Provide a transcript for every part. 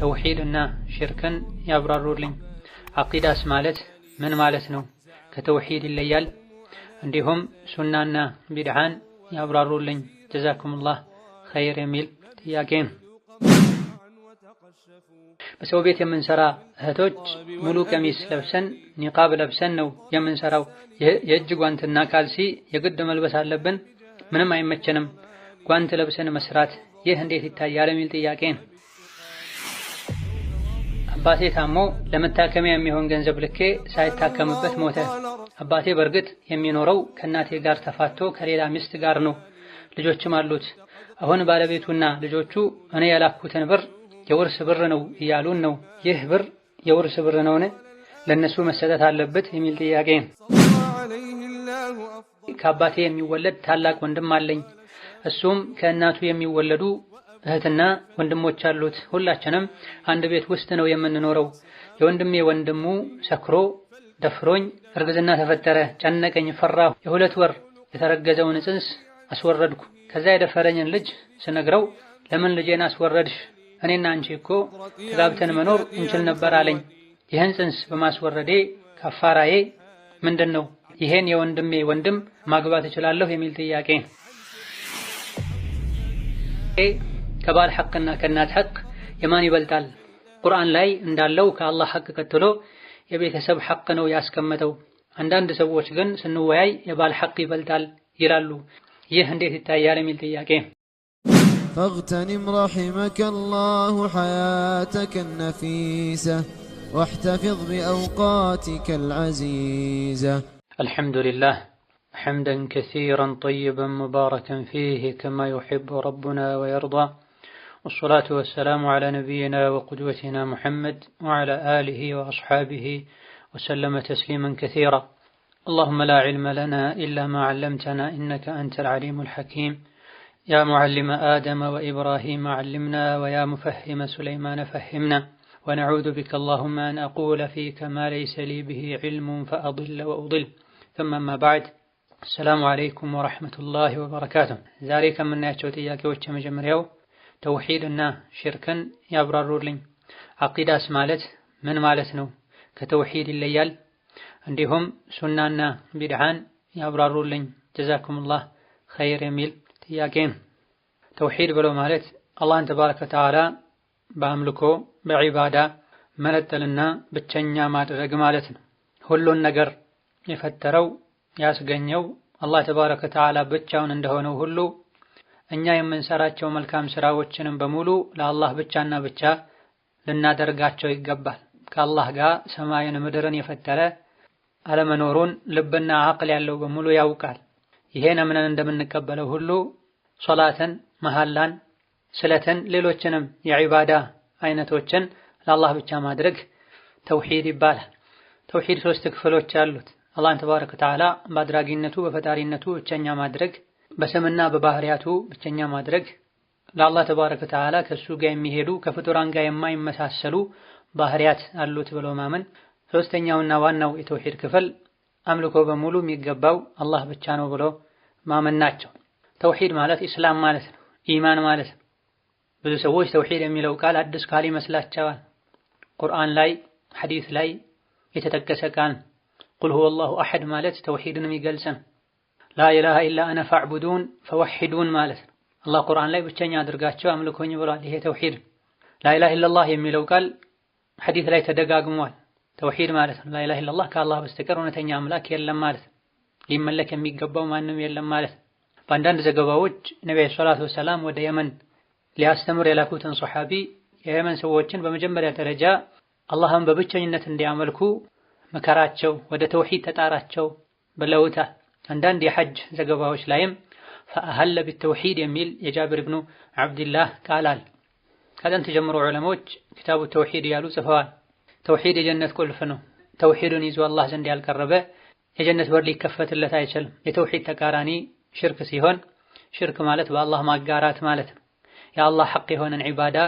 ተውሂድ እና ሽርክን ያብራሩልኝ። አቂዳስ ማለት ምን ማለት ነው? ከተውሂድ ይለያል? እንዲሁም ሱናና ቢድዓን ያብራሩልኝ። ጀዛኩሙላህ ኸይር የሚል ጥያቄ ነው። በሰው ቤት የምንሰራ እህቶች ሙሉ ቀሚስ ለብሰን ኒቃብ ለብሰን ነው የምንሰራው። የእጅ ጓንትና ካልሲ የግድ መልበስ አለብን? ምንም አይመቸንም። ጓንት ለብሰን መስራት ይህ እንዴት ይታያል የሚል ጥያቄ ነው። አባቴ ታሞ ለመታከሚያ የሚሆን ገንዘብ ልኬ ሳይታከምበት ሞተ። አባቴ በእርግጥ የሚኖረው ከእናቴ ጋር ተፋቶ ከሌላ ሚስት ጋር ነው። ልጆችም አሉት። አሁን ባለቤቱና ልጆቹ እኔ ያላኩትን ብር የውርስ ብር ነው እያሉን ነው። ይህ ብር የውርስ ብር ነውን? ለእነሱ መሰጠት አለበት የሚል ጥያቄ ነው። ከአባቴ የሚወለድ ታላቅ ወንድም አለኝ። እሱም ከእናቱ የሚወለዱ እህትና ወንድሞች አሉት። ሁላችንም አንድ ቤት ውስጥ ነው የምንኖረው። የወንድሜ ወንድሙ ሰክሮ ደፍሮኝ እርግዝና ተፈጠረ። ጨነቀኝ፣ ፈራሁ። የሁለት ወር የተረገዘውን ጽንስ አስወረድኩ። ከዛ የደፈረኝን ልጅ ስነግረው ለምን ልጄን አስወረድሽ? እኔና አንቺ እኮ ተጋብተን መኖር እንችል ነበር አለኝ። ይህን ጽንስ በማስወረዴ ከፋራዬ ምንድን ነው? ይሄን የወንድሜ ወንድም ማግባት እችላለሁ የሚል ጥያቄ ከባል ሐቅና ከእናት ሐቅ የማን ይበልጣል? ቁርአን ላይ እንዳለው ከአላህ ሐቅ ቀጥሎ የቤተሰብ ሐቅ ነው ያስቀመጠው። አንዳንድ ሰዎች ግን ስንወያይ የባል ሐቅ ይበልጣል ይላሉ። ይህ እንዴት ይታያል የሚል ጥያቄ። فاغتنم رحمك الله حياتك النفيسة واحتفظ بأوقاتك العزيزة الحمد لله حمدا كثيرا طيبا مباركا فيه كما يحب ربنا ويرضى والصلاة والسلام على نبينا وقدوتنا محمد وعلى آله وأصحابه وسلم تسليما كثيرا اللهم لا علم لنا إلا ما علمتنا إنك أنت العليم الحكيم يا معلم آدم وإبراهيم علمنا ويا مفهم سليمان فهمنا ونعوذ بك اللهم أن أقول فيك ما ليس لي به علم فأضل وأضل ثم ما بعد አሰላሙ አለይኩም ወረሕመቱላሂ ወበረካቱ። ዛሬ ከምናያቸው ጥያቄዎች የመጀመሪያው ተውሂድ እና ሽርክን ያብራሩልኝ። አቂዳስ ማለት ምን ማለት ነው? ከተውሂድ ይለያል? እንዲሁም ሱናና ቢድዓን ያብራሩልኝ። ጀዛኩሙላህ ኸይር የሚል ጥያቄ ነው። ተውሂድ ብሎ ማለት አላህን ተባረከ ወተዓላ በአምልኮ በዒባዳ መነጠልና ብቸኛ ማድረግ ማለት ነው። ሁሉን ነገር የፈጠረው ያስገኘው አላህ ተባረከ ወተዓላ ብቻውን እንደሆነው ሁሉ እኛ የምንሰራቸው መልካም ስራዎችንም በሙሉ ለአላህ ብቻና ብቻ ልናደርጋቸው ይገባል። ከአላህ ጋር ሰማይን ምድርን የፈጠረ አለመኖሩን ልብና አቅል ያለው በሙሉ ያውቃል። ይሄን እምነን እንደምንቀበለው ሁሉ ሶላትን፣ መሐላን፣ ስለትን፣ ሌሎችንም የዒባዳ አይነቶችን ለአላህ ብቻ ማድረግ ተውሂድ ይባላል። ተውሂድ ሶስት ክፍሎች አሉት። አላህን ተባረከ ወተዓላ በአድራጊነቱ በፈጣሪነቱ ብቸኛ ማድረግ፣ በስምና በባህሪያቱ ብቸኛ ማድረግ፣ ለአላህ ተባረከ ወተዓላ ከእሱ ጋር የሚሄዱ ከፍጡራን ጋር የማይመሳሰሉ ባህሪያት አሉት ብሎ ማመን። ሶስተኛውና ዋናው የተውሂድ ክፍል አምልኮ በሙሉ የሚገባው አላህ ብቻ ነው ብሎ ማመን ናቸው። ተውሂድ ማለት ኢስላም ማለት ነው፣ ኢማን ማለት ነው። ብዙ ሰዎች ተውሂድ የሚለው ቃል አዲስ ቃል ይመስላቸዋል። ቁርአን ላይ ሐዲስ ላይ የተጠቀሰ ቃል ቁል ሁወ አላሁ አሐድ ማለት ተውሂድን የሚገልጽ ነው። ላኢላሃ ኢላ አነ ፋዕቡዱን ፈወሒዱን ማለት ነው። አላህ ቁርአን ላይ ብቸኛ አድርጋቸው አምልኮኝ ብሏል። ይሄ ተውሂድ ላኢላሃ ኢለላህ የሚለው ቃል ሐዲት ላይ ተደጋግሟል። ተውሂድ ማለት ነው። ላኢላሃ ኢለላህ ከአላህ በስተቀር እውነተኛ አምላክ የለም ማለት ነው። ሊመለክ የሚገባው ማንም የለም ማለት ነው። በአንዳንድ ዘገባዎች ነቢ ሰላቱ ወሰላም ወደ የመን ሊያስተምር የላኩትን ሰሓቢ የየመን ሰዎችን በመጀመሪያ ደረጃ አላህን በብቸኝነት እንዲያመልኩ መከራቸው፣ ወደ ተውሂድ ተጣራቸው ብለውታል። አንዳንድ የሐጅ ዘገባዎች ላይም ፈአህለ ቢተውሂድ የሚል የጃብር ብኑ አብድላህ ቃል አለ። ከጥንት ጀምሮ ዑለሞች ኪታቡ ተውሂድ እያሉ ጽፈዋል። ተውሂድ የጀነት ቁልፍ ነው። ተውሂድን ይዞ አላህ ዘንድ ያልቀረበ የጀነት በር ሊከፈትለት አይችልም። የተውሂድ ተቃራኒ ሽርክ ሲሆን ሽርክ ማለት በአላህ ማጋራት ማለት ነው። የአላህ ሐቅ የሆነን ዒባዳ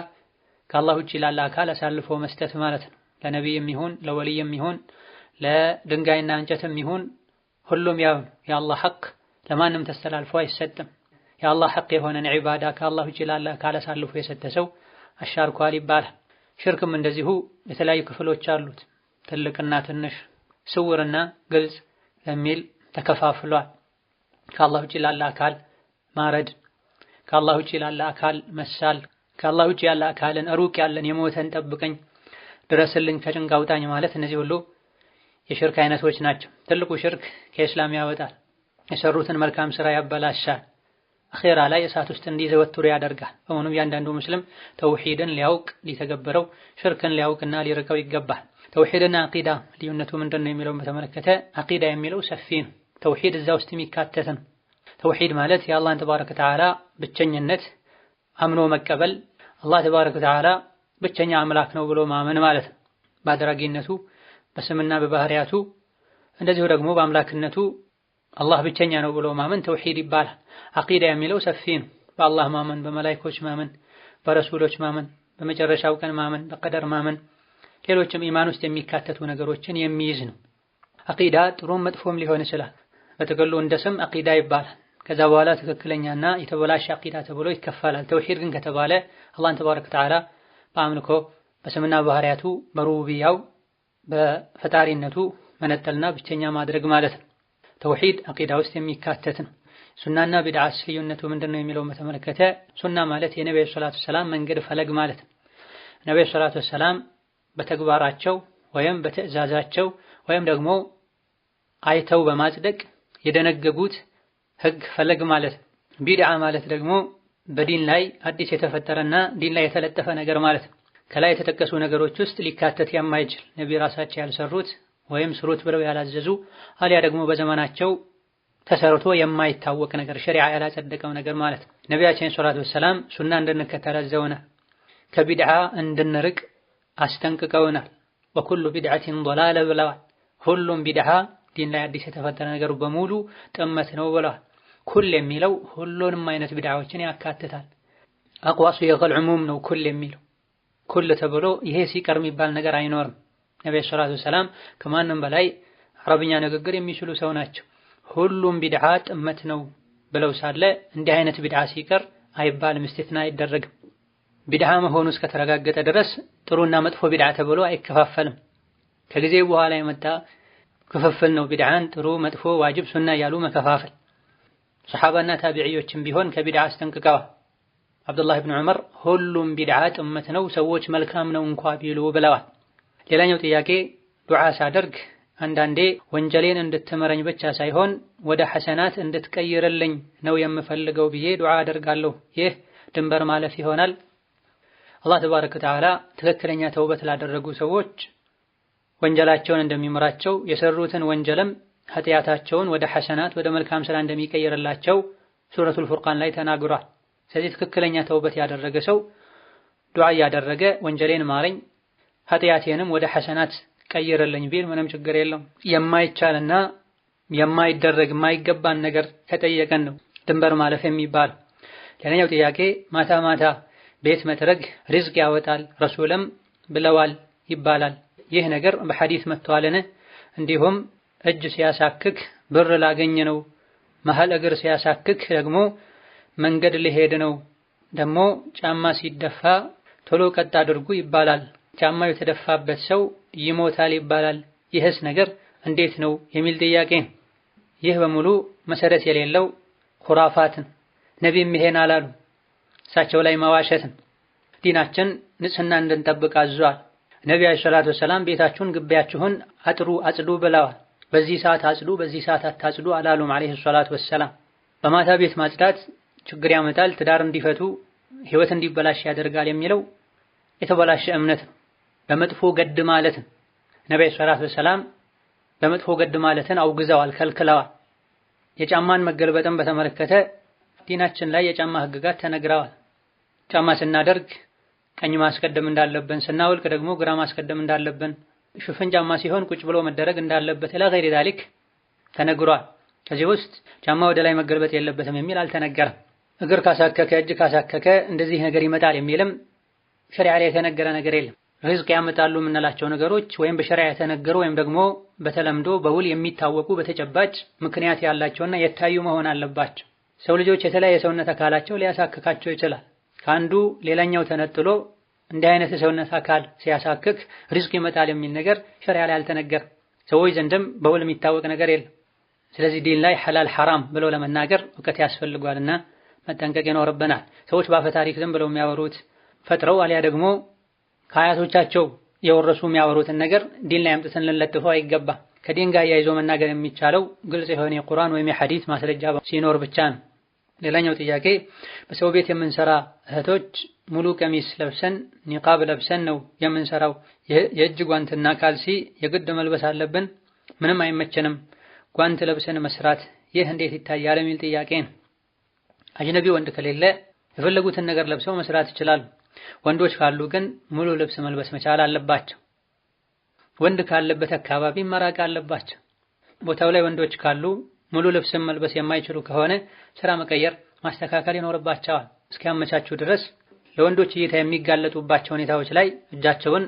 ከአላህ ውጭ ላለ አካል አሳልፎ መስጠት ማለት ነው። ለነቢይም ይሁን ለወልይም ይሁን ለድንጋይና እንጨትም ይሁን ሁሉም ያው የአላህ ሐቅ ለማንም ተስተላልፎ አይሰጥም። የአላህ ሐቅ የሆነን ዒባዳ ከአላህ ውጭ ላለ አካል አሳልፎ የሰጠ ሰው አሻርኳል ይባላል። ሽርክም እንደዚሁ የተለያዩ ክፍሎች አሉት። ትልቅና ትንሽ፣ ስውርና ግልጽ በሚል ተከፋፍሏል። ከአላህ ውጭ ላለ አካል ማረድ፣ ከአላህ ውጭ ላለ አካል መሳል፣ ከአላህ ውጭ ያለ አካልን ሩቅ ያለን የሞተን ጠብቀኝ፣ ድረስልኝ፣ ከጭንቅ አውጣኝ ማለት እነዚህ ሁሉ የሽርክ አይነቶች ናቸው። ትልቁ ሽርክ ከእስላም ያወጣል፣ የሰሩትን መልካም ስራ ያበላሻል፣ አኼራ ላይ እሳት ውስጥ እንዲዘወትሩ ያደርጋል። በመሆኑም እያንዳንዱ ሙስሊም ተውሂድን ሊያውቅ ሊተገብረው፣ ሽርክን ሊያውቅና ሊርቀው ይገባል። ተውሂድና አቂዳ ልዩነቱ ምንድን ነው የሚለውን በተመለከተ አቂዳ የሚለው ሰፊ ነው። ተውሂድ እዛ ውስጥ የሚካተት ነው። ተውሂድ ማለት የአላህን ተባረከ ወተዓላ ብቸኝነት አምኖ መቀበል፣ አላህ ተባረከ ወተዓላ ብቸኛ አምላክ ነው ብሎ ማመን ማለት ነው። በአድራጊነቱ በስምና በባህሪያቱ እንደዚሁ ደግሞ በአምላክነቱ አላህ ብቸኛ ነው ብሎ ማመን ተውሂድ ይባላል። አቂዳ የሚለው ሰፊ ነው። በአላህ ማመን፣ በመላይኮች ማመን፣ በረሱሎች ማመን፣ በመጨረሻው ቀን ማመን፣ በቀደር ማመን፣ ሌሎችም ኢማን ውስጥ የሚካተቱ ነገሮችን የሚይዝ ነው። አቂዳ ጥሩም መጥፎም ሊሆን ይችላል። በጥቅሉ እንደ ስም አቂዳ ይባላል። ከዛ በኋላ ትክክለኛና የተበላሸ አቂዳ ተብሎ ይከፈላል። ተውሂድ ግን ከተባለ አላህን ተባረከ ወተዓላ በአምልኮ በስምና ባህሪያቱ በሩቢያው በፈጣሪነቱ መነጠልና ብቸኛ ማድረግ ማለት ነው። ተውሂድ አቂዳ ውስጥ የሚካተት ነው። ሱናና ቢድዓስ ልዩነቱ ምንድን ነው የሚለው በተመለከተ ሱና ማለት የነቢዩ ሰላቱ ሰላም መንገድ ፈለግ ማለት ነው። ነቢዩ ሰላቱ ሰላም በተግባራቸው ወይም በትዕዛዛቸው ወይም ደግሞ አይተው በማጽደቅ የደነገጉት ህግ ፈለግ ማለት ነው። ቢድዓ ማለት ደግሞ በዲን ላይ አዲስ የተፈጠረና ዲን ላይ የተለጠፈ ነገር ማለት ነው። ከላይ የተጠቀሱ ነገሮች ውስጥ ሊካተት የማይችል ነቢ ራሳቸው ያልሰሩት ወይም ስሩት ብለው ያላዘዙ አሊያ ደግሞ በዘመናቸው ተሰርቶ የማይታወቅ ነገር ሸሪዓ ያላጸደቀው ነገር ማለት ነው። ነቢያችን ሰለላሁ ወሰላም ሱና እንድንከተል አዘውናል። ከቢድዓ እንድንርቅ አስጠንቅቀውናል። ወኩሉ ቢድዓቲን ዶላለ ብለዋል። ሁሉም ቢድዓ ዲን ላይ አዲስ የተፈጠረ ነገር በሙሉ ጥመት ነው ብለዋል። ኩል የሚለው ሁሉንም አይነት ቢድዓዎችን ያካትታል። አቋሱ የቀል ዕሙም ነው ኩል የሚለው ኩል ተብሎ ይሄ ሲቀር የሚባል ነገር አይኖርም። ነብዩ ሰለላሁ ዐለይሂ ከማንም በላይ አረብኛ ንግግር የሚችሉ ሰው ናቸው። ሁሉም ቢድዓ ጥመት ነው ብለው ሳለ እንዲህ አይነት ቢድዓ ሲቀር አይባልም፣ እስቲትና አይደረግም። ቢድዓ መሆኑ እስከተረጋገጠ ድረስ ጥሩና መጥፎ ቢድዓ ተብሎ አይከፋፈልም። ከጊዜ በኋላ የመጣ ክፍፍል ነው። ቢድዓን ጥሩ፣ መጥፎ፣ ዋጅብ፣ ሱና እያሉ መከፋፈል ሰሐባና ታቢዕዮችም ቢሆን ከቢድዓ አስጠንቅቀዋል። አብዱላህ ብን ዑመር ሁሉም ቢድዓ ጥመት ነው፣ ሰዎች መልካም ነው እንኳ ቢሉ ብለዋል። ሌላኛው ጥያቄ ዱዓ ሳደርግ አንዳንዴ ወንጀሌን እንድትምረኝ ብቻ ሳይሆን ወደ ሐሰናት እንድትቀይርልኝ ነው የምፈልገው ብዬ ዱዓ አደርጋለሁ። ይህ ድንበር ማለፍ ይሆናል? አላህ ተባረከ ወተዓላ ትክክለኛ ተውበት ላደረጉ ሰዎች ወንጀላቸውን እንደሚምራቸው የሰሩትን ወንጀልም ኃጢአታቸውን ወደ ሐሰናት ወደ መልካም ስራ እንደሚቀይርላቸው ሱረቱል ፉርቃን ላይ ተናግሯል። ስለዚህ ትክክለኛ ተውበት ያደረገ ሰው ዱዓ እያደረገ ወንጀሌን ማረኝ ኃጢአቴንም ወደ ሐሰናት ቀይረልኝ ቢል ምንም ችግር የለውም። የማይቻልና የማይደረግ የማይገባን ነገር ከጠየቀን ነው ድንበር ማለፍ የሚባል። ሌላኛው ጥያቄ ማታ ማታ ቤት መጥረግ ሪዝቅ ያወጣል ረሱልም ብለዋል ይባላል። ይህ ነገር በሐዲስ መጥቷልን? እንዲሁም እጅ ሲያሳክክ ብር ላገኝ ነው መሀል እግር ሲያሳክክ ደግሞ መንገድ ሊሄድ ነው። ደግሞ ጫማ ሲደፋ ቶሎ ቀጥ አድርጉ ይባላል። ጫማው የተደፋበት ሰው ይሞታል ይባላል። ይህስ ነገር እንዴት ነው የሚል ጥያቄ። ይህ በሙሉ መሰረት የሌለው ኩራፋትን፣ ነቢም ይሄን አላሉ እሳቸው ላይ መዋሸትን ዲናችን ንጽህና እንድንጠብቅ አዟል። ነቢ አለይሂ ሰላቱ ወሰላም ቤታችሁን፣ ግቢያችሁን አጥሩ፣ አጽዱ ብለዋል። በዚህ ሰዓት አጽዱ፣ በዚህ ሰዓት አታጽዱ አላሉም። አለይሂ ሰላቱ ወሰላም በማታ ቤት ማጽዳት ችግር ያመጣል፣ ትዳር እንዲፈቱ፣ ህይወት እንዲበላሽ ያደርጋል የሚለው የተበላሸ እምነት ነው። በመጥፎ ገድ ማለትን ነቢዩ ሰለላሁ ዐለይሂ በመጥፎ ገድ ማለትን አውግዘዋል፣ ከልክለዋል። የጫማን መገልበጥን በተመለከተ ዲናችን ላይ የጫማ ህግጋት ተነግረዋል። ጫማ ስናደርግ ቀኝ ማስቀደም እንዳለብን፣ ስናወልቅ ደግሞ ግራ ማስቀደም እንዳለብን፣ ሽፍን ጫማ ሲሆን ቁጭ ብሎ መደረግ እንዳለበት ላ ገይሪ ዛሊክ ተነግሯል። ከዚህ ውስጥ ጫማ ወደ ላይ መገልበጥ የለበትም የሚል አልተነገረም። እግር ካሳከከ እጅ ካሳከከ እንደዚህ ነገር ይመጣል የሚልም ሸሪዓ ላይ የተነገረ ነገር የለም። ሪዝቅ ያመጣሉ የምንላቸው ነገሮች ወይም በሸሪዓ የተነገሩ ወይም ደግሞ በተለምዶ በውል የሚታወቁ በተጨባጭ ምክንያት ያላቸውና የታዩ መሆን አለባቸው። ሰው ልጆች የተለያየ የሰውነት አካላቸው ሊያሳክካቸው ይችላል። ከአንዱ ሌላኛው ተነጥሎ እንዲህ አይነት የሰውነት አካል ሲያሳክክ ሪዝቅ ይመጣል የሚል ነገር ሸሪዓ ላይ አልተነገር። ሰዎች ዘንድም በውል የሚታወቅ ነገር የለም። ስለዚህ ዲን ላይ ሐላል ሐራም ብለው ለመናገር እውቀት ያስፈልጓልና መጠንቀቅ ይኖርብናል። ሰዎች በአፈ ታሪክ ዝም ብለው የሚያወሩት ፈጥረው አሊያ ደግሞ ከአያቶቻቸው የወረሱ የሚያወሩትን ነገር ዲን ላይ አምጥተን ልንለጥፈው አይገባ። ከዲን ጋር ያይዞ መናገር የሚቻለው ግልጽ የሆነ የቁርአን ወይም የሐዲስ ማስረጃ ሲኖር ብቻ ነው። ሌላኛው ጥያቄ በሰው ቤት የምንሰራ እህቶች ሙሉ ቀሚስ ለብሰን ኒቃብ ለብሰን ነው የምንሰራው። የእጅ ጓንትና ካልሲ የግድ መልበስ አለብን? ምንም አይመቸንም። ጓንት ለብሰን መስራት ይህ እንዴት ይታያል? የሚል ጥያቄ ነው። አጅነቢ ወንድ ከሌለ የፈለጉትን ነገር ለብሰው መስራት ይችላሉ። ወንዶች ካሉ ግን ሙሉ ልብስ መልበስ መቻል አለባቸው። ወንድ ካለበት አካባቢ መራቅ አለባቸው። ቦታው ላይ ወንዶች ካሉ ሙሉ ልብስን መልበስ የማይችሉ ከሆነ ስራ መቀየር፣ ማስተካከል ይኖርባቸዋል። እስኪያመቻቹ ድረስ ለወንዶች እይታ የሚጋለጡባቸው ሁኔታዎች ላይ እጃቸውን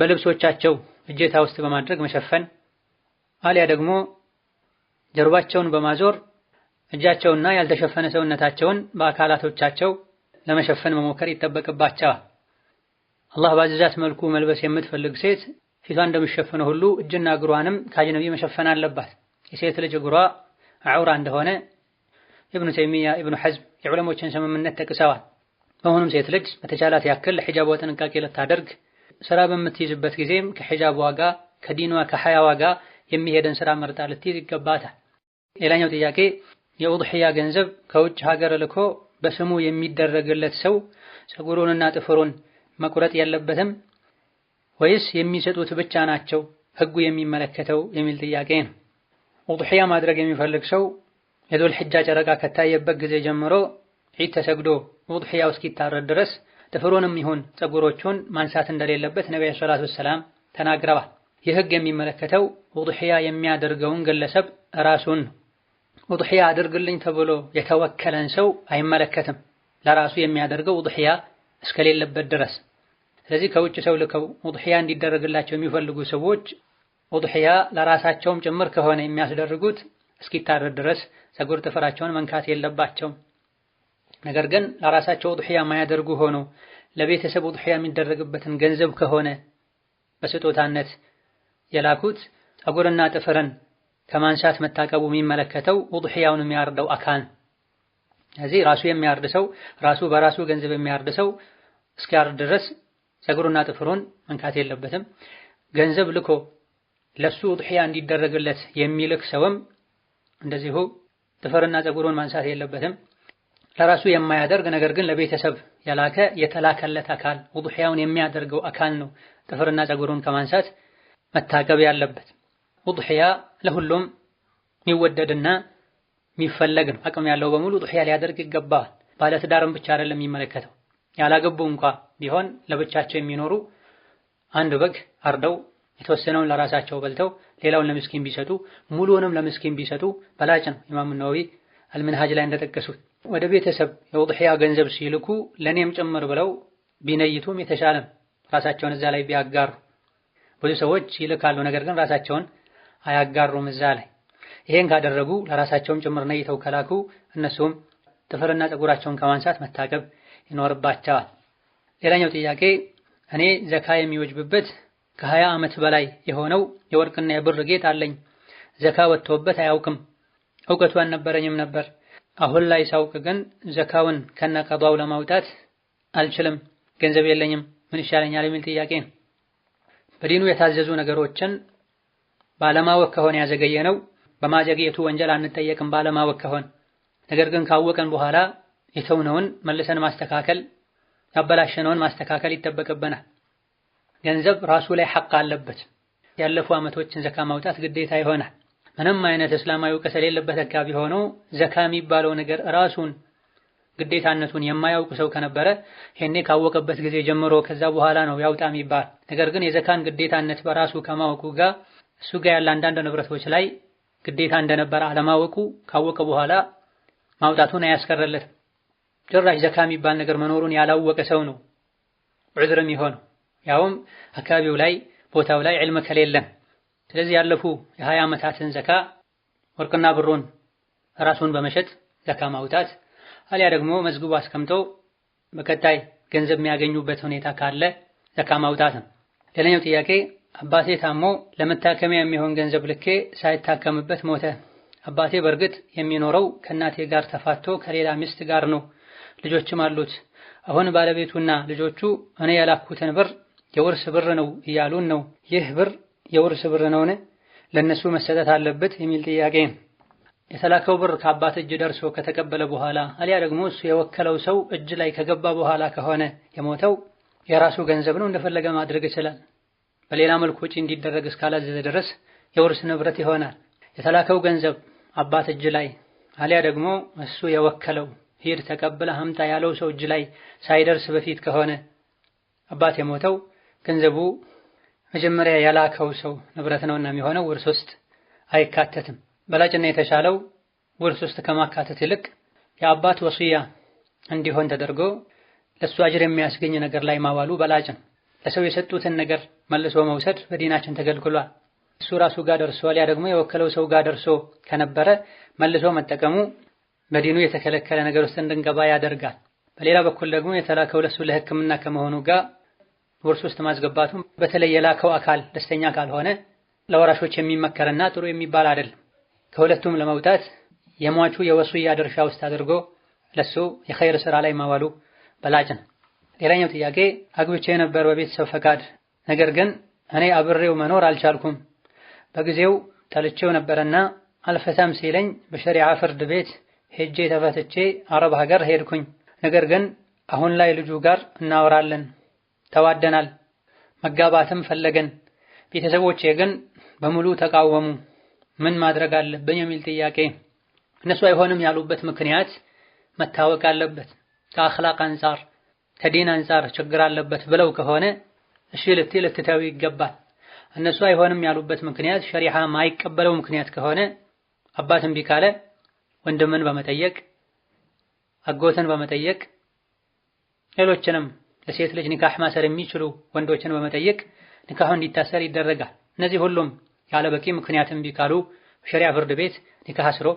በልብሶቻቸው እጀታ ውስጥ በማድረግ መሸፈን አሊያ ደግሞ ጀርባቸውን በማዞር እጃቸውና ያልተሸፈነ ሰውነታቸውን በአካላቶቻቸው ለመሸፈን መሞከር ይጠበቅባቸዋል። አላህ ባዘዛት መልኩ መልበስ የምትፈልግ ሴት ፊቷ እንደሚሸፈነ ሁሉ እጅና እግሯንም ከአጅነቢ መሸፈን አለባት። የሴት ልጅ እግሯ አውራ እንደሆነ ኢብኑ ተይሚያ፣ ኢብኑ ሐዝም የዑለሞችን ስምምነት ጠቅሰዋል። በሆኑም ሴት ልጅ በተቻላት ያክል ሒጃቧ ጥንቃቄ ልታደርግ ስራ በምትይዝበት ጊዜም ከሒጃቧ ጋር ከዲኗ ከሐያዋ ጋር የሚሄደን ስራ መርጣ ልትይዝ ይገባታል። ሌላኛው ጥያቄ የውድሕያ ገንዘብ ከውጭ ሀገር ልኮ በስሙ የሚደረግለት ሰው ፀጉሩንና ጥፍሩን መቁረጥ ያለበትም ወይስ የሚሰጡት ብቻ ናቸው ህጉ የሚመለከተው የሚል ጥያቄ ነው። ውድሕያ ማድረግ የሚፈልግ ሰው የዱል ሕጃ ጨረቃ ከታየበት ጊዜ ጀምሮ ዒድ ተሰግዶ ኡድሕያው እስኪታረድ ድረስ ጥፍሩንም ይሁን ፀጉሮቹን ማንሳት እንደሌለበት ነቢ ሰላቱ ወሰላም ተናግረዋል። ይህ ህግ የሚመለከተው ውድሕያ የሚያደርገውን ግለሰብ ራሱን ውድሕያ አድርግልኝ ተብሎ የተወከለን ሰው አይመለከትም። ለራሱ የሚያደርገው ውድሕያ እስከሌለበት ድረስ። ስለዚህ ከውጭ ሰው ልከው ውድሕያ እንዲደረግላቸው የሚፈልጉ ሰዎች ውድሕያ ለራሳቸውም ጭምር ከሆነ የሚያስደርጉት እስኪታረድ ድረስ ፀጉር ጥፍራቸውን መንካት የለባቸውም። ነገር ግን ለራሳቸው ውድሕያ የማያደርጉ ሆኖ ለቤተሰብ ውድሕያ የሚደረግበትን ገንዘብ ከሆነ በስጦታነት የላኩት ፀጉርና ጥፍርን ከማንሳት መታቀቡ የሚመለከተው ውድሕያውን የሚያርደው አካል እዚህ ራሱ የሚያርድ ሰው ራሱ በራሱ ገንዘብ የሚያርድ ሰው እስኪያርድ ድረስ ፀጉሩና ጥፍሩን መንካት የለበትም። ገንዘብ ልኮ ለሱ ውድሕያ እንዲደረግለት የሚልክ ሰውም እንደዚሁ ጥፍርና ፀጉሩን ማንሳት የለበትም። ለራሱ የማያደርግ ነገር ግን ለቤተሰብ የላከ የተላከለት አካል ውድሕያውን የሚያደርገው አካል ነው ጥፍርና ፀጉሩን ከማንሳት መታቀብ ያለበት። ውጥሕያ ለሁሉም የሚወደድና የሚፈለግ ነው። አቅም ያለው በሙሉ ውጥሕያ ሊያደርግ ይገባዋል። ባለትዳርም ብቻ አይደለም የሚመለከተው። ያላገቡ እንኳ ቢሆን ለብቻቸው የሚኖሩ አንድ በግ አርደው የተወሰነውን ለራሳቸው በልተው ሌላውን ለምስኪን ቢሰጡ ሙሉውንም ለምስኪን ቢሰጡ በላጭ ነው። ኢማም ነዋዊ አልምንሃጅ ላይ እንደጠቀሱት ወደ ቤተሰብ የውጥሕያ ገንዘብ ሲልኩ ለእኔም ጭምር ብለው ቢነይቱም የተሻለም ራሳቸውን እዛ ላይ ቢያጋሩ ብዙ ሰዎች ይልካሉ፣ ነገር ግን ራሳቸውን አያጋሩም እዛ ላይ። ይሄን ካደረጉ ለራሳቸውም ጭምር ነይተው ከላኩ እነሱም ጥፍርና ፀጉራቸውን ከማንሳት መታቀብ ይኖርባቸዋል። ሌላኛው ጥያቄ እኔ ዘካ የሚወጅብበት ከሀያ ዓመት በላይ የሆነው የወርቅና የብር ጌጥ አለኝ። ዘካ ወጥቶበት አያውቅም። እውቀቱ አልነበረኝም ነበር። አሁን ላይ ሳውቅ ግን ዘካውን ከነቀባው ለማውጣት አልችልም፣ ገንዘብ የለኝም። ምን ይሻለኛል የሚል ጥያቄ ነው። በዲኑ የታዘዙ ነገሮችን ባለማወቅ ከሆነ ያዘገየ ነው በማዘግየቱ ወንጀል አንጠየቅም ባለማወቅ ከሆነ ነገር ግን ካወቀን በኋላ የተውነውን መልሰን ማስተካከል ያበላሸነውን ማስተካከል ይጠበቅብናል። ገንዘብ ራሱ ላይ ሐቅ አለበት። ያለፉ ዓመቶችን ዘካ ማውጣት ግዴታ ይሆናል። ምንም አይነት እስላማዊ እውቀት የሌለበት አካባቢ ሆኖ ዘካ የሚባለው ነገር ራሱን ግዴታነቱን የማያውቅ ሰው ከነበረ ይሄኔ ካወቀበት ጊዜ ጀምሮ ከዛ በኋላ ነው ያውጣ የሚባል ነገር ግን የዘካን ግዴታነት በራሱ ከማወቁ ጋር እሱ ጋር ያለ አንዳንድ ንብረቶች ላይ ግዴታ እንደነበረ አለማወቁ ካወቀ በኋላ ማውጣቱን አያስቀረለትም። ጭራሽ ዘካ የሚባል ነገር መኖሩን ያላወቀ ሰው ነው ዑዝር የሚሆነው ያውም አካባቢው ላይ ቦታው ላይ ዕልም ከሌለን። ስለዚህ ያለፉ የሀያ ዓመታትን ዘካ ወርቅና ብሩን ራሱን በመሸጥ ዘካ ማውጣት አሊያ ደግሞ መዝግቡ አስቀምጦ በቀጣይ ገንዘብ የሚያገኙበት ሁኔታ ካለ ዘካ ማውጣት ነው። ሌላኛው ጥያቄ አባቴ ታሞ ለመታከሚያ የሚሆን ገንዘብ ልኬ ሳይታከምበት ሞተ። አባቴ በእርግጥ የሚኖረው ከእናቴ ጋር ተፋቶ ከሌላ ሚስት ጋር ነው። ልጆችም አሉት። አሁን ባለቤቱና ልጆቹ እኔ ያላኩትን ብር የውርስ ብር ነው እያሉን ነው። ይህ ብር የውርስ ብር ነውን? ለእነሱ መሰጠት አለበት የሚል ጥያቄ። የተላከው ብር ከአባት እጅ ደርሶ ከተቀበለ በኋላ አሊያ ደግሞ እሱ የወከለው ሰው እጅ ላይ ከገባ በኋላ ከሆነ የሞተው የራሱ ገንዘብ ነው፣ እንደፈለገ ማድረግ ይችላል። በሌላ መልኩ ወጪ እንዲደረግ እስካላዘዘ ድረስ የውርስ ንብረት ይሆናል። የተላከው ገንዘብ አባት እጅ ላይ አሊያ ደግሞ እሱ የወከለው ሂድ ተቀብለ አምጣ ያለው ሰው እጅ ላይ ሳይደርስ በፊት ከሆነ አባት የሞተው ገንዘቡ መጀመሪያ የላከው ሰው ንብረት ነውና የሚሆነው ውርስ ውስጥ አይካተትም። በላጭና የተሻለው ውርስ ውስጥ ከማካተት ይልቅ የአባት ወስያ እንዲሆን ተደርጎ ለእሱ አጅር የሚያስገኝ ነገር ላይ ማዋሉ በላጭ ነው። ለሰው የሰጡትን ነገር መልሶ መውሰድ በዲናችን ተከልክሏል። እሱ ራሱ ጋር ደርሶ ያ ደግሞ የወከለው ሰው ጋር ደርሶ ከነበረ መልሶ መጠቀሙ በዲኑ የተከለከለ ነገር ውስጥ እንድንገባ ያደርጋል። በሌላ በኩል ደግሞ የተላከው ለሱ ለሕክምና ከመሆኑ ጋር ውርስ ውስጥ ማስገባቱም በተለይ የላከው አካል ደስተኛ ካልሆነ ለወራሾች የሚመከርና ጥሩ የሚባል አይደለም። ከሁለቱም ለመውጣት የሟቹ የወሱያ ድርሻ ውስጥ አድርጎ ለሱ የኸይር ስራ ላይ ማዋሉ በላጭ ነው። ሌላኛው ጥያቄ አግብቼ ነበር በቤተሰብ ፈቃድ፣ ነገር ግን እኔ አብሬው መኖር አልቻልኩም። በጊዜው ተልቼው ነበረና አልፈታም ሲለኝ በሸሪዓ ፍርድ ቤት ሄጄ ተፈትቼ አረብ ሀገር ሄድኩኝ። ነገር ግን አሁን ላይ ልጁ ጋር እናወራለን፣ ተዋደናል፣ መጋባትም ፈለገን። ቤተሰቦቼ ግን በሙሉ ተቃወሙ። ምን ማድረግ አለብኝ የሚል ጥያቄ። እነሱ አይሆንም ያሉበት ምክንያት መታወቅ አለበት ከአኽላቅ አንጻር ከዲን አንጻር ችግር አለበት ብለው ከሆነ እሺ ልትይ ልትተው ይገባል። እነሱ አይሆንም ያሉበት ምክንያት ሸሪሃ ማይቀበለው ምክንያት ከሆነ አባት ቢካለ ወንድምን በመጠየቅ አጎትን በመጠየቅ ሌሎችንም ለሴት ልጅ ኒካህ ማሰር የሚችሉ ወንዶችን በመጠየቅ ኒካሁ እንዲታሰር ይደረጋል። እነዚህ ሁሉም ያለ በቂ ምክንያት እምቢ ካሉ ፍርድ ቤት ኒካህ አስሮ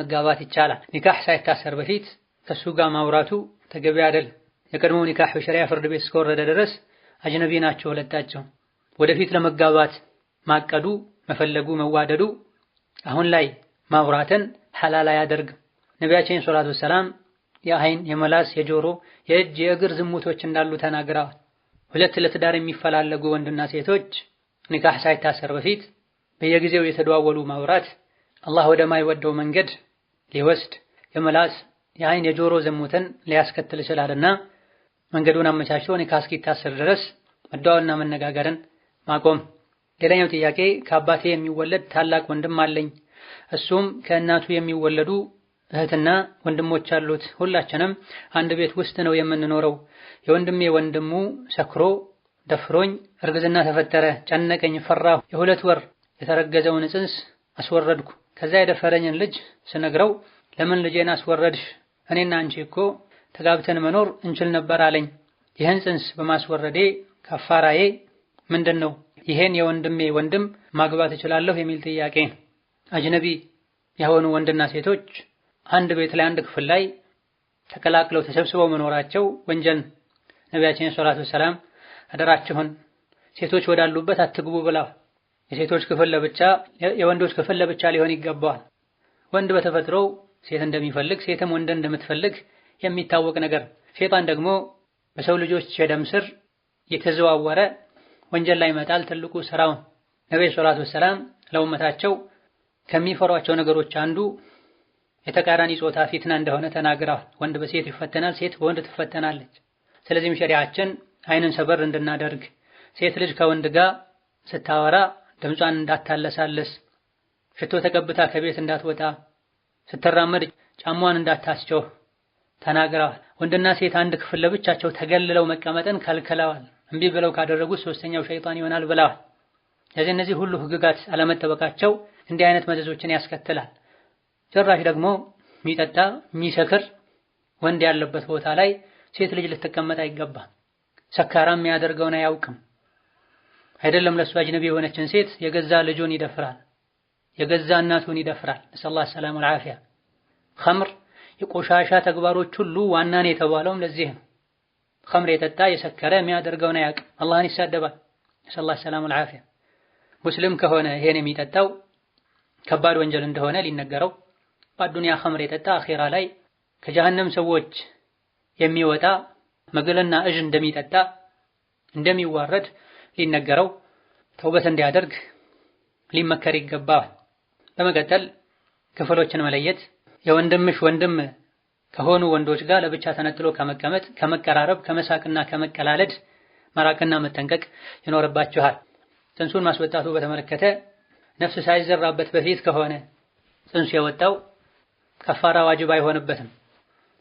መጋባት ይቻላል። ኒካህ ሳይታሰር በፊት ከሱ ጋር ማውራቱ ተገቢ አይደለም። የቀድሞው ኒካህ በሸሪያ ፍርድ ቤት እስከወረደ ድረስ አጅነቢ ናቸው ሁለታቸው። ወደፊት ለመጋባት ማቀዱ፣ መፈለጉ፣ መዋደዱ አሁን ላይ ማውራትን ሐላል አያደርግም። ነቢያችን ሰላቱ ወሰላም የአይን፣ የመላስ፣ የጆሮ፣ የእጅ፣ የእግር ዝሙቶች እንዳሉ ተናግረዋል። ሁለት ለትዳር የሚፈላለጉ ወንድና ሴቶች ኒካህ ሳይታሰር በፊት በየጊዜው የተደዋወሉ ማውራት አላህ ወደማይወደው መንገድ ሊወስድ የመላስ፣ የአይን፣ የጆሮ ዝሙትን ሊያስከትል ይችላልና መንገዱን አመቻችቶ እኔ ካስኪ ታስር ድረስ መደዋወልና መነጋገርን ማቆም። ሌላኛው ጥያቄ ከአባቴ የሚወለድ ታላቅ ወንድም አለኝ። እሱም ከእናቱ የሚወለዱ እህትና ወንድሞች አሉት። ሁላችንም አንድ ቤት ውስጥ ነው የምንኖረው። የወንድሜ ወንድሙ ሰክሮ ደፍሮኝ እርግዝና ተፈጠረ። ጨነቀኝ፣ ፈራሁ። የሁለት ወር የተረገዘውን ጽንስ አስወረድኩ። ከዛ የደፈረኝን ልጅ ስነግረው ለምን ልጄን አስወረድሽ? እኔና አንቺ እኮ ተጋብተን መኖር እንችል ነበር አለኝ። ይህን ጽንስ በማስወረዴ ከፋራዬ ምንድን ነው? ይሄን የወንድሜ ወንድም ማግባት እችላለሁ የሚል ጥያቄ አጅነቢ የሆኑ ወንድና ሴቶች አንድ ቤት ላይ አንድ ክፍል ላይ ተቀላቅለው ተሰብስበው መኖራቸው ወንጀል። ነቢያችን ሰለላሁ ዐለይሂ አደራችሁን ሴቶች ወዳሉበት አትግቡ ብላ። የሴቶች ክፍል ለብቻ የወንዶች ክፍል ለብቻ ሊሆን ይገባዋል። ወንድ በተፈጥሮው ሴት እንደሚፈልግ ሴትም ወንድ እንደምትፈልግ የሚታወቅ ነገር ሸይጣን ደግሞ በሰው ልጆች የደም ስር የተዘዋወረ ወንጀል ላይ መጣል ትልቁ ስራውን ነብይ ሰለላሁ ዐለይሂ ወሰለም ለውመታቸው ከሚፈሯቸው ነገሮች አንዱ የተቃራኒ ጾታ ፊትና እንደሆነ ተናግረዋል። ወንድ በሴት ይፈተናል፣ ሴት በወንድ ትፈተናለች። ስለዚህም ሸሪዓችን አይንን ሰበር እንድናደርግ ሴት ልጅ ከወንድ ጋር ስታወራ ድምጿን እንዳታለሳለስ፣ ሽቶ ተቀብታ ከቤት እንዳትወጣ፣ ስትራመድ ጫሟን እንዳታስቸው። ተናግረዋል። ወንድና ሴት አንድ ክፍል ለብቻቸው ተገልለው መቀመጥን ከልክለዋል። እምቢ ብለው ካደረጉት ሶስተኛው ሸይጣን ይሆናል ብለዋል። ስለዚህ እነዚህ ሁሉ ህግጋት አለመጠበቃቸው እንዲህ አይነት መዘዞችን ያስከትላል። ጭራሽ ደግሞ የሚጠጣ የሚሰክር ወንድ ያለበት ቦታ ላይ ሴት ልጅ ልትቀመጥ አይገባም። ሰካራም የሚያደርገውን አያውቅም። አይደለም ለእሱ አጅነቢ የሆነችን ሴት የገዛ ልጁን ይደፍራል፣ የገዛ እናቱን ይደፍራል። ነስአላህ ሰላም አልዓፊያ ኸምር የቆሻሻ ተግባሮች ሁሉ ዋና የተባለውም ለዚህ ነው። ኸምር የጠጣ የሰከረ የሚያደርገውን አያውቅም፣ አላህን ይሳደባል። ነስአሉላህ ሰላም ወልዓፊያ። ሙስሊም ከሆነ ይሄን የሚጠጣው ከባድ ወንጀል እንደሆነ ሊነገረው በአዱንያ ኸምር የጠጣ አኼራ ላይ ከጀሀነም ሰዎች የሚወጣ መግልና እዥ እንደሚጠጣ እንደሚዋረድ ሊነገረው ተውበት እንዲያደርግ ሊመከር ይገባዋል። በመቀጠል ክፍሎችን መለየት የወንድምሽ ወንድም ከሆኑ ወንዶች ጋር ለብቻ ተነጥሎ ከመቀመጥ ከመቀራረብ ከመሳቅና ከመቀላለድ መራቅና መጠንቀቅ ይኖርባችኋል። ጽንሱን ማስወጣቱ በተመለከተ ነፍስ ሳይዘራበት በፊት ከሆነ ጽንሱ የወጣው ከፋራ ዋጅብ አይሆንበትም።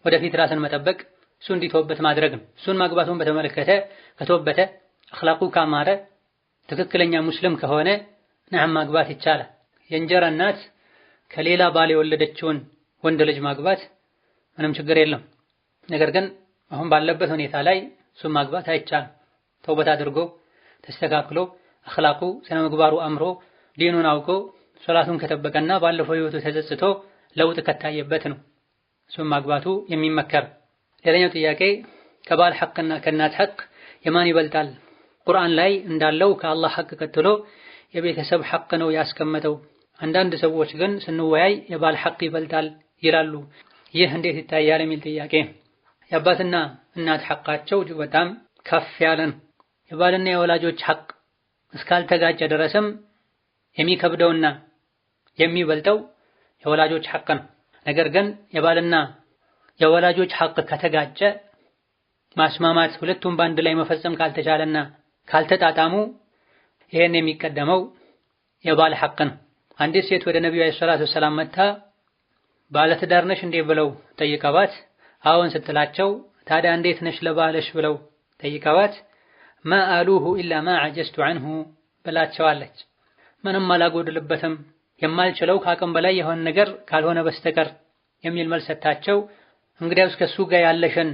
ወደፊት ራስን መጠበቅ እሱ እንዲተወበት ማድረግ ነው። እሱን ማግባቱን በተመለከተ ከተወበተ አኽላቁ ካማረ ትክክለኛ ሙስልም ከሆነ ነዓም ማግባት ይቻላል። የእንጀራ እናት ከሌላ ባል የወለደችውን ወንድ ልጅ ማግባት ምንም ችግር የለም። ነገር ግን አሁን ባለበት ሁኔታ ላይ እሱም ማግባት አይቻልም። ተውበት አድርጎ ተስተካክሎ አኽላቁ ስነ ምግባሩ አምሮ ዲኑን አውቆ ሶላቱን ከተበቀና ባለፈው ህይወቱ ተዘጽቶ ለውጥ ከታየበት ነው እሱን ማግባቱ የሚመከር። ሌላኛው ጥያቄ ከባል ሐቅና ከእናት ሐቅ የማን ይበልጣል? ቁርአን ላይ እንዳለው ከአላህ ሐቅ ቀጥሎ የቤተሰብ ሐቅ ነው ያስቀመጠው። አንዳንድ ሰዎች ግን ስንወያይ የባል ሐቅ ይበልጣል ይላሉ። ይህ እንዴት ይታያል የሚል ጥያቄ የአባትና እናት ሐቃቸው እጅግ በጣም ከፍ ያለ ነው። የባልና የወላጆች ሐቅ እስካልተጋጨ ድረስም የሚከብደውና የሚበልጠው የወላጆች ሐቅ ነው። ነገር ግን የባልና የወላጆች ሐቅ ከተጋጨ ማስማማት ሁለቱም በአንድ ላይ መፈጸም ካልተቻለና ካልተጣጣሙ ይህን የሚቀደመው የባል ሐቅ ነው። አንዲት ሴት ወደ ነቢዩ ዓለይሂ ሰላቱ ወሰላም መጥታ ባለትዳር ነሽ እንዴ ብለው ጠይቀባት፣ አዎን ስትላቸው ታዲያ እንዴት ነሽ ለባለሽ ብለው ጠይቀባት፣ ማ አሉሁ ኢላ ማ አጀዝቱ አንሁ ብላቸዋለች። ምንም አላጎድልበትም የማልችለው ከአቅም በላይ የሆነ ነገር ካልሆነ በስተቀር የሚል መልስ ሰጥታቸው እንግዲያውስ ከሱ ጋር ያለሽን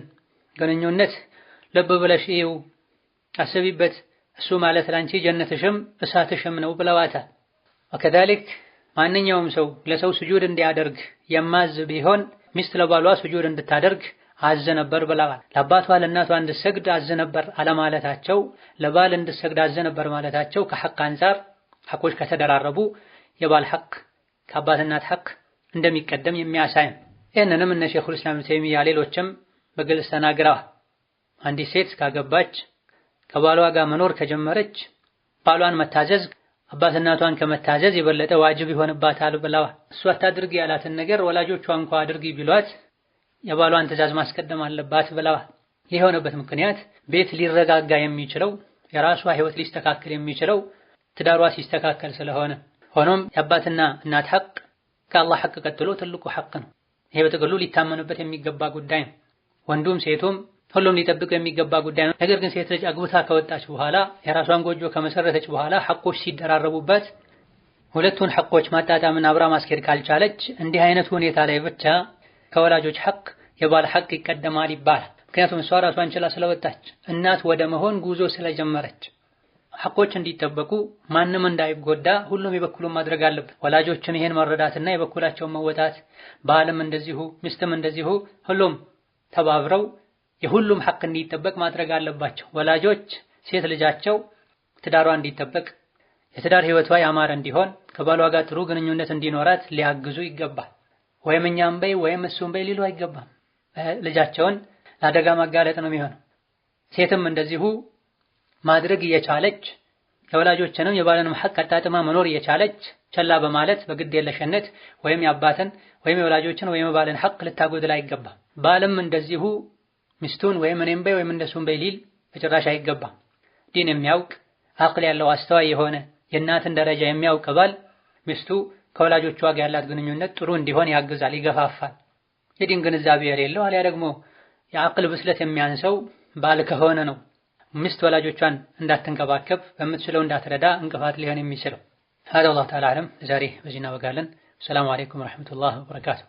ግንኙነት ልብ ብለሽ እዩ፣ አስቢበት፣ እሱ ማለት ላንቺ ጀነትሽም እሳትሽም ነው ብለዋታል። ወከዛሊክ ማንኛውም ሰው ለሰው ስጁድ እንዲያደርግ የማዝ ቢሆን ሚስት ለባሏ ስጁድ እንድታደርግ አዘ ነበር ብለዋል። ለአባቷ ለእናቷ እንድሰግድ አዘ ነበር አለማለታቸው ለባል እንድሰግድ አዘ ነበር ማለታቸው ከሐቅ አንጻር ሐቆች ከተደራረቡ የባል ሐቅ ከአባትናት ሐቅ እንደሚቀደም የሚያሳይ ይህንንም እነ ሼኹል ኢስላም ተይሚያ ሌሎችም በግልጽ ተናግረዋል። አንዲት ሴት ካገባች ከባሏ ጋር መኖር ከጀመረች ባሏን መታዘዝ አባት እናቷን ከመታዘዝ የበለጠ ዋጅብ ይሆንባታል ብለዋ እሷ አታድርጊ ያላትን ነገር ወላጆቿ እንኳ አድርጊ ቢሏት የባሏን ትዕዛዝ ማስቀደም አለባት ብለዋ። ይህ የሆነበት ምክንያት ቤት ሊረጋጋ የሚችለው የራሷ ህይወት ሊስተካከል የሚችለው ትዳሯ ሲስተካከል ስለሆነ፣ ሆኖም የአባትና እናት ሐቅ ከአላህ ሐቅ ቀጥሎ ትልቁ ሐቅ ነው። ይሄ በጥቅሉ ሊታመንበት የሚገባ ጉዳይ ነው። ወንዱም ሴቱም ሁሉም ሊጠብቀው የሚገባ ጉዳይ ነው። ነገር ግን ሴት ልጅ አግብታ ከወጣች በኋላ የራሷን ጎጆ ከመሰረተች በኋላ ሐቆች ሲደራረቡበት ሁለቱን ሐቆች ማጣጣምን አብራ ማስኬድ ካልቻለች እንዲህ አይነት ሁኔታ ላይ ብቻ ከወላጆች ሐቅ የባል ሐቅ ይቀደማል ይባላል። ምክንያቱም እሷ ራሷን ችላ ስለወጣች እናት ወደ መሆን ጉዞ ስለጀመረች ሐቆች እንዲጠበቁ ማንም እንዳይጎዳ ሁሉም የበኩሉን ማድረግ አለበት። ወላጆችም ይሄን መረዳትና የበኩላቸውን መወጣት፣ ባልም እንደዚሁ፣ ሚስትም እንደዚሁ ሁሉም ተባብረው የሁሉም ሐቅ እንዲጠበቅ ማድረግ አለባቸው። ወላጆች ሴት ልጃቸው ትዳሯ እንዲጠበቅ የትዳር ህይወቷ ያማረ እንዲሆን ከባሏ ጋር ጥሩ ግንኙነት እንዲኖራት ሊያግዙ ይገባል። ወይም እኛም በይ ወይም እሱም በይ ሊሉ አይገባም። ልጃቸውን ለአደጋ ማጋለጥ ነው የሚሆነው። ሴትም እንደዚሁ ማድረግ እየቻለች የወላጆችንም የባልንም ሐቅ አጣጥማ መኖር እየቻለች ቸላ በማለት በግድ የለሽነት ወይም የአባትን ወይም የወላጆችን ወይም የባልን ሐቅ ልታጎድል አይገባም። ባልም እንደዚሁ ሚስቱን ወይም እኔም በይ ወይም እንደሱም በይ ሊል በጭራሽ አይገባም። ዲን የሚያውቅ አቅል ያለው አስተዋይ የሆነ የእናትን ደረጃ የሚያውቅ ባል ሚስቱ ከወላጆቹ ጋር ያላት ግንኙነት ጥሩ እንዲሆን ያግዛል፣ ይገፋፋል። የዲን ግንዛቤ የሌለው አሊያ ደግሞ የአቅል ብስለት የሚያንሰው ባል ከሆነ ነው ሚስት ወላጆቿን እንዳትንከባከብ በምትችለው እንዳትረዳ እንቅፋት ሊሆን የሚችለው። ሀደ ወላሁ ተዓላ አዕለም። ዛሬ በዚህ እናበቃለን። ሰላሙ አለይኩም ወረሕመቱላህ ወበረካቱ።